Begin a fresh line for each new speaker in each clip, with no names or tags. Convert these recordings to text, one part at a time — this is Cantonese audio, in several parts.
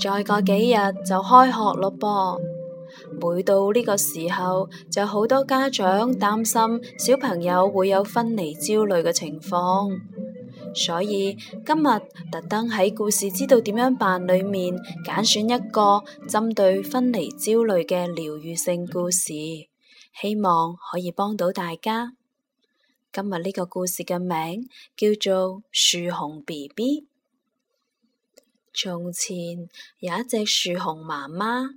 再過幾日就開學咯噃。每到呢個時候就好多家長擔心小朋友會有分離焦慮嘅情況，所以今日特登喺故事知道點樣辦裏面揀選一個針對分離焦慮嘅療癒性故事，希望可以幫到大家。今日呢個故事嘅名叫做樹熊 BB。從前有一隻樹熊媽媽，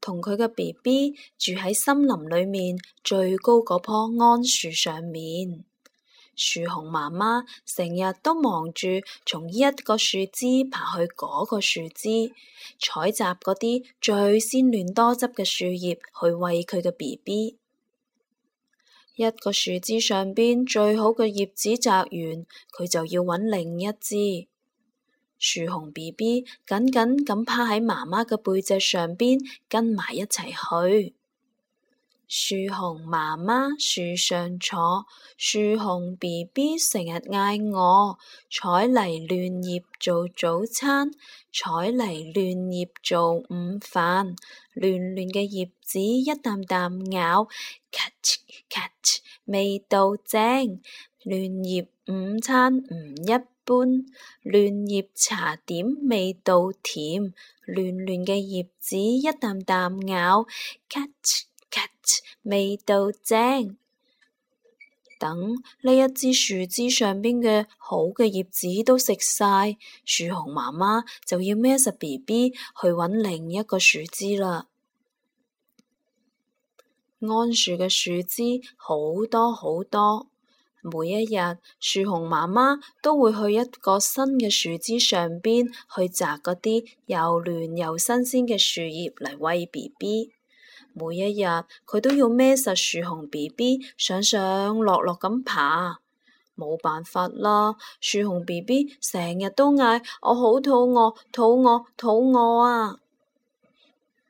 同佢嘅 B B 住喺森林裏面最高嗰棵桉樹上面。樹熊媽媽成日都忙住從一個樹枝爬去嗰個樹枝，採集嗰啲最鮮嫩多汁嘅樹葉去餵佢嘅 B B。一個樹枝上邊最好嘅葉子摘完，佢就要揾另一支。樹熊 B B 緊緊咁趴喺媽媽嘅背脊上邊，跟埋一齊去樹熊媽媽樹上坐，樹熊 B B 成日嗌我採嚟嫩葉做早餐，採嚟嫩葉做午飯，嫩嫩嘅葉子一啖啖咬咔嚓咔嚓味道正，嫩葉午餐唔一。半嫩葉茶點味道甜，嫩嫩嘅葉子一啖啖咬，咔嚓咔嚓，味道正。等呢一支樹枝上邊嘅好嘅葉子都食晒，樹熊媽媽就要孭住 BB 去揾另一個樹枝啦。桉樹嘅樹枝好多好多。每一日，樹熊媽媽都會去一個新嘅樹枝上邊去摘嗰啲又嫩又新鮮嘅樹葉嚟餵 B B。每一日佢都要孭實樹熊 B B 上上落落咁爬，冇辦法啦！樹熊 B B 成日都嗌我好肚餓，肚餓，肚餓啊！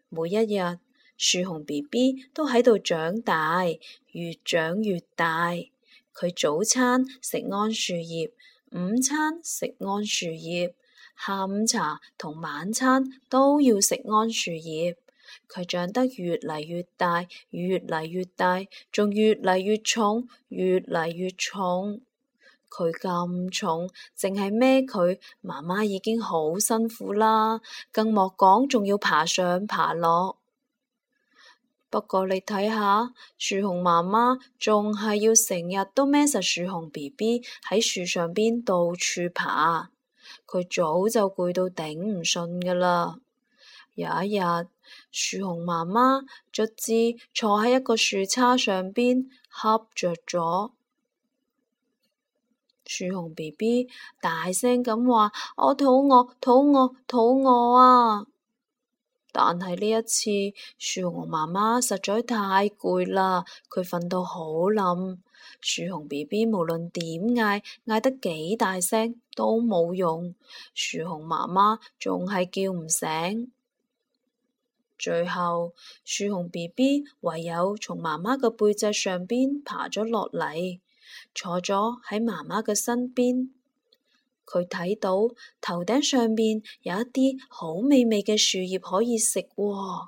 每一日樹熊 B B 都喺度長大，越長越大。佢早餐食桉樹葉，午餐食桉樹葉，下午茶同晚餐都要食桉樹葉。佢長得越嚟越大，越嚟越大，仲越嚟越重，越嚟越重。佢咁重，淨係孭佢，媽媽已經好辛苦啦，更莫講仲要爬上爬落。不過你睇下，樹熊媽媽仲係要成日都孭實樹熊 B B 喺樹上邊到處爬，佢早就攰到頂唔順㗎喇。有一日，樹熊媽媽卒之坐喺一個樹叉上邊瞌着咗，樹熊 B B 大聲咁話：我、oh, 肚餓，肚餓，肚餓啊！但係呢一次，樹熊媽媽實在太攰啦，佢瞓到好冧。樹熊 B B 無論點嗌，嗌得幾大聲都冇用，樹熊媽媽仲係叫唔醒。最後，樹熊 B B 唯有從媽媽嘅背脊上邊爬咗落嚟，坐咗喺媽媽嘅身邊。佢睇到頭頂上邊有一啲好美味嘅樹葉可以食，佢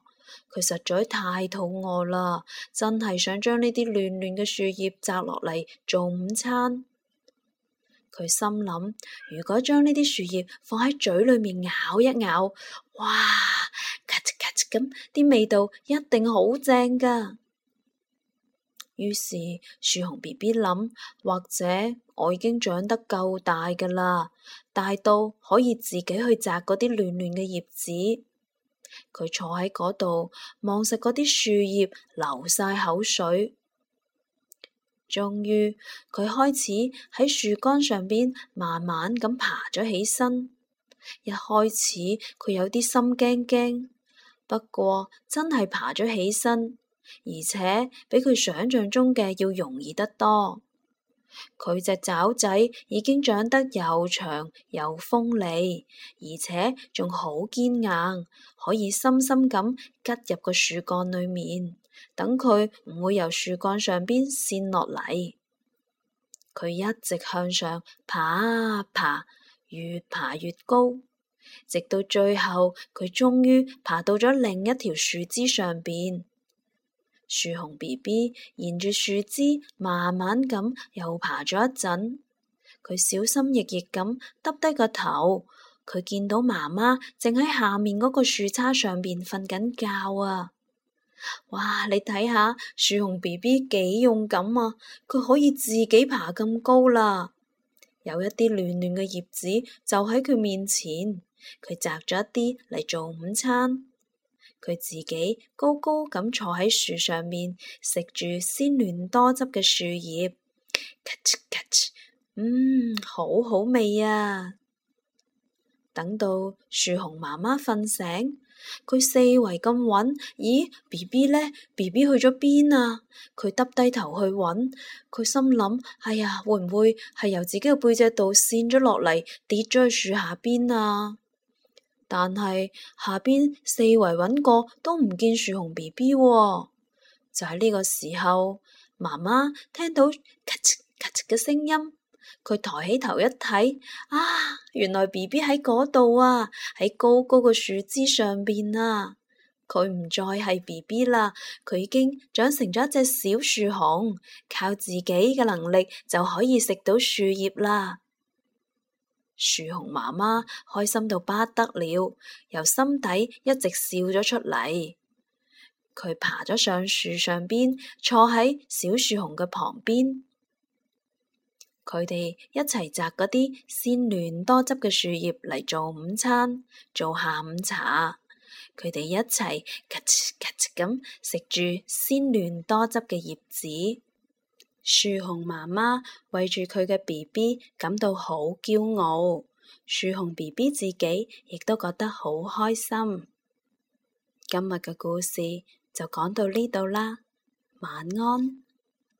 實在太肚餓啦，真係想將呢啲嫩嫩嘅樹葉摘落嚟做午餐。佢心諗，如果將呢啲樹葉放喺嘴裏面咬一咬，哇，咔嚓咔嚓咁，啲味道一定好正噶。於是樹熊 BB 諗，或者我已經長得夠大㗎喇，大到可以自己去摘嗰啲嫩嫩嘅葉子。佢坐喺嗰度望實嗰啲樹葉，樹葉流晒口水。終於佢開始喺樹幹上邊慢慢咁爬咗起身。一開始佢有啲心驚驚，不過真係爬咗起身。而且比佢想象中嘅要容易得多。佢隻爪仔已經長得又長又鋒利，而且仲好堅硬，可以深深咁吉入個樹幹裏面，等佢唔會由樹幹上邊線落嚟。佢一直向上爬爬，越爬越高，直到最後，佢終於爬到咗另一條樹枝上邊。樹熊 B B 沿住樹枝慢慢咁又爬咗一陣，佢小心翼翼咁耷低個頭，佢見到媽媽正喺下面嗰個樹杈上邊瞓緊覺啊！哇，你睇下樹熊 B B 幾勇敢啊！佢可以自己爬咁高啦，有一啲嫩嫩嘅葉子就喺佢面前，佢摘咗一啲嚟做午餐。佢自己高高咁坐喺樹上面食住鮮嫩多汁嘅樹葉，咔嚓咔嚓，嗯，好好味啊！等到樹熊媽媽瞓醒，佢四圍咁搵，咦，BB 呢？BB 去咗邊啊？佢耷低頭去搵，佢心諗，哎呀，會唔會係由自己嘅背脊度跣咗落嚟，跌咗去樹下邊啊？但係下邊四圍揾過都唔見樹熊 B B，哦，就喺呢個時候，媽媽聽到咔嚓咔嚓嘅聲音，佢抬起頭一睇，啊，原來 B B 喺嗰度啊，喺高高嘅樹枝上邊啊，佢唔再係 B B 啦，佢已經長成咗一隻小樹熊，靠自己嘅能力就可以食到樹葉啦。樹熊媽媽開心到不得了，由心底一直笑咗出嚟。佢爬咗上樹上邊，坐喺小樹熊嘅旁邊。佢哋一齊摘嗰啲鮮嫩多汁嘅樹葉嚟做午餐，做下午茶。佢哋一齊咔嚓咔嚓咁食住鮮嫩多汁嘅葉子。樹熊媽媽為住佢嘅 B B，感到好驕傲。樹熊 B B 自己亦都覺得好開心。今日嘅故事就講到呢度啦，晚安。